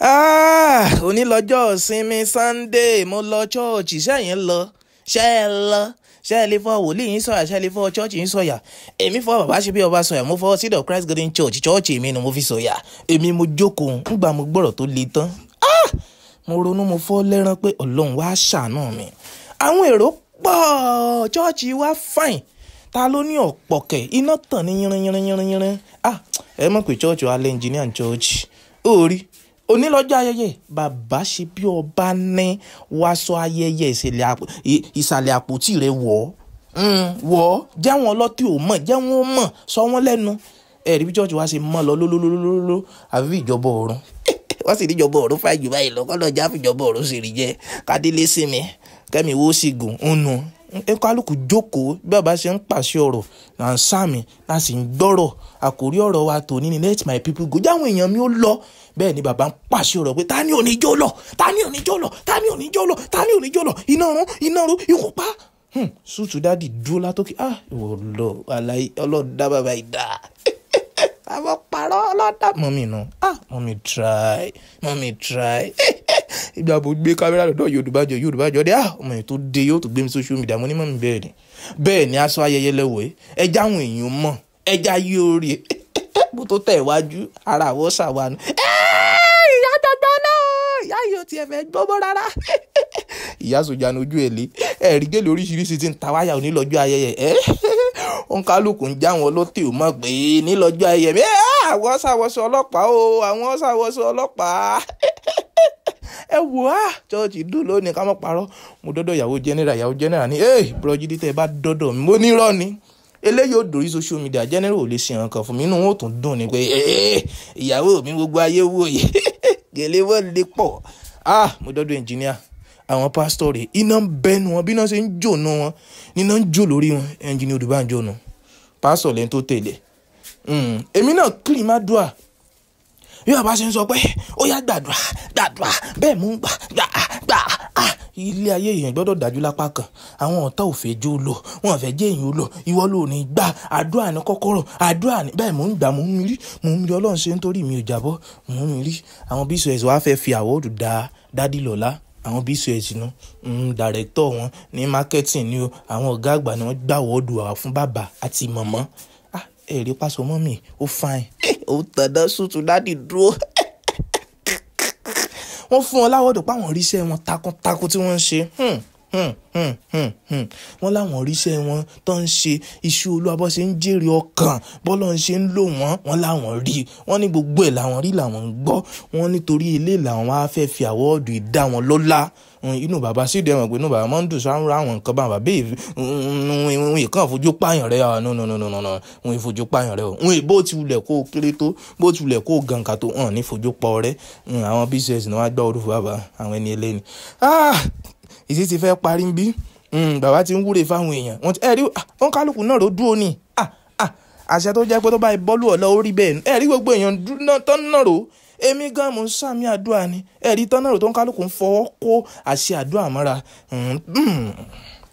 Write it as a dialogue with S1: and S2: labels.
S1: Ah, onílọ́jọ́ sinmi sunday mo lọ chọ́ọ̀chì sẹ́yìn lọ ṣẹ́ ẹ lọ ṣẹ́ ẹ lè fọ wòlíì yín sọ̀yà ṣẹ́ ẹ lè fọ chọ́ọ̀chì yín sọ̀yà èmi fọ bàbá ṣe bí ọba sọ̀yà mo fọ sídọ̀ christ garden church chọ́ọ̀chì mi ni mo fi sọ̀yà èmi mo jókòó ńgbà mo gbọ́rọ̀ tó le tán ah, mo ronú mo fọ́ lẹ́rán pé ọlọ́run wá ṣàánú mi àwọn èrò pọ̀ chọ́ọ̀chì wa fine ta ló ní ọ̀pọ̀kẹ̀ iná tàn ní yínrín yínrín yínrín yínrín ah ẹ mọ̀ pé chọ́ọ̀chì wa lẹ́ engineer chọ́ọ̀chì ó rí onílọ́jọ́ ayẹyẹ bàbá ṣe bí ọba ní wàásù ayẹyẹ ìsàlẹ̀ àpótí rẹ̀ wọ̀ hmm, wọ̀ jẹ́wọ́n ọlọ́tí ò mọ̀ jẹ́wọ́n mọ̀ sọ wọ́n lẹ́nu ẹ̀rí bí jọ́ọ̀jù wá ṣe mọ́ lọ lólólólólóló àbí ìjọba ọ̀run wọ́n sì níjọba ọ̀run fà jù báyìí lọ kọ́lọ́jà fìjọba ọ̀run sì rí jẹ́ kádélé sí mi kẹ́mi wo sì gùn ń nu kálukú jókòó bí bàbá ṣe ń pàṣẹ ọ̀rọ̀ là ń sàmì là sì ń gbọ́rọ̀ àkórí ọ̀rọ̀ wa tòní ni let my people go jáwọn èèyàn mi ó lọ bẹ́ẹ̀ ni bàbá ń pàṣẹ ọ̀rọ̀ pé ta ni oníjó lọ ta ni oníjó lọ ta ni oníjó lọ ta ni oníjó lọ iná run iná run ikú pa ṣùtù hmm, dádì dúró látòkè ah ìwọ lọ àlàyé ọlọ́dá bàbá ìdá àbọ̀ ládàá mọ́mì nù ah mọ́mì try mọ́mì try ìgbà bó gbé kámẹ́rà lọ́dọ̀ yorùbá jọ yorùbá jọ dé ah ọmọ yẹn tó dé yóò tó gbé mi social media mo ní mọ́mì bẹ́ẹ̀ ni bẹ́ẹ̀ ni aṣọ ayẹyẹ lẹ́wọ̀ ẹ ẹja àwọn èèyàn mọ̀ ẹja yóò rí ẹ bó tó tẹ̀ wájú ara àwọ̀ ṣàwánu ìyá dandan náà ìyá yìí ò tiẹ̀ fẹ́ gbọ́mọ́ rárá ìyá sọjà ní ojú ẹ̀ lé ẹ̀rí gèlè oríṣiríṣi ti ń ta wáyà onílọ́jọ́ ayẹyẹ ẹ̀ òǹkálùkù ń já wọn lọ́tẹ̀ ò mọ̀ pé nílọ́jọ́ àwọn ṣàwọṣọ ọlọ́pàá o àwọn ṣàwọṣọ ọlọ́pàá ẹ wò á ah, ṣọ́ọ̀ṣì dùn lónìí ká mọ̀ parọ́ mo dọ́dọ̀ ìyàwó jẹ́nẹ́rà ìyàwó jẹ́nẹ́rà ni ẹ bùrọ̀jìdì tẹ́ ẹ bá dọ́dọ̀ mi mo ní irọ́ ni eléyìí ò dòrí social media jẹ́nẹ́rà ò lè ṣe nǹkan fún mi inú wọn ò tún dùn ni pé ìyàwó mi gbogbo ayé wò yìí gèlè wọ́n lè pọ̀ ah mo dọ́dọ̀ ẹnjìníà àwọn pásítọ̀ rẹ̀ iná ń bẹnu wọn bí iná ṣe ń jò nu wọn níná ń jò lórí wọn ẹnjìníà Odùbánjọ nù pásítọ̀ lẹ́ni Mm. èmi náà kìlì má dùà bí bàbá ṣe ń sọ pé ó yá gbàdúrà gbàdúrà bẹ́ẹ̀ mú gbà gbà gbà ah, ilé ayé èèyàn gbọ́dọ̀ dájú lápá kan àwọn ọ̀tá ò fẹ́ jó lò wọn fẹ́ jẹ́ èèyàn lò ìwọ ló ní gbà àdúrà ní kọ́kọ́rọ́ àdúrà ní bẹ́ẹ̀ mò ń gbà mò ń rí mò ń rí ọlọ́run ṣe nítorí mi ò jábọ́ mò ń rí àwọn bíṣọ̀ẹ̀sì wàá fẹ́ fi àwọ̀dù dá dádì lọ́lá àwọn bíṣọ̀ẹ̀sì nu mm, dàrẹ́tọ̀ wọn ní mákẹ́tì ni o àwọn ọ̀gá àgbà ni wọ́n gbà wọ́ọ̀dù wá fún bàbá àti mọ̀mọ́ ẹ̀rí pásọ mọ́ mi ó fain ó tọ̀dọ̀ sùtù dádì dúró wọ́n fún ọ láwọ́dọ̀ páwọn oríṣẹ́ wọn takuntakun tí wọ́n ń ṣe hmm. Hmm, hmm, hmm, wọ́n láwọn oríṣẹ́ wọn tó ń ṣe iṣu olúwa bó ṣe ń jèrè ọkàn bọ́lọ́ ṣe ń lò wọ́n wọ́n láwọn rí wọ́n ní gbogbo ẹ̀ làwọn rí làwọn ń gbọ́ wọ́n nítorí ilé làwọn á fẹ́ fi àwọ́ọ̀dù ìdá wọn lọ́lá inú bàbá sídìí ẹ̀wọ̀n pé inú bàbá máa ń dùn sáárùn àwọn nǹkan bá bàbá ìwọ̀n ìkan fojú pààyàn rẹ̀ ah, no no no no no ìwọ̀n ìfojú pààyàn rẹ̀ ìwọ̀n ìbò ti wulẹ̀ kó kéré tó bó ti wulẹ̀ kó gànkà tó hàn ní fojú pa ọ̀rẹ́ àwọn bíṣẹ̀sì ni wọ́n á gbá orúfọ bàbá àwọn ẹni eléyìí. Ah! ìsì ti fẹ́ parí ń bí hmm, bàbá ti ń wúre fáwọn èèyàn wọn ti ẹ rí ah, wọn kálukú náà ló dúró ni ah, ah, àṣẹ tó jẹ́ pé tó bá bọ́ọ̀lù ọ̀lọ́ orí bẹ́ẹ̀ ẹ rí gbogbo èèyàn tán náà rò èmi gan mo ń sàmì àdúrà ni ẹ rí tán náà rò tó ń kálukú ń fọwọ́ kó àṣẹ àdúrà mọ́ra. Hmm, hmm.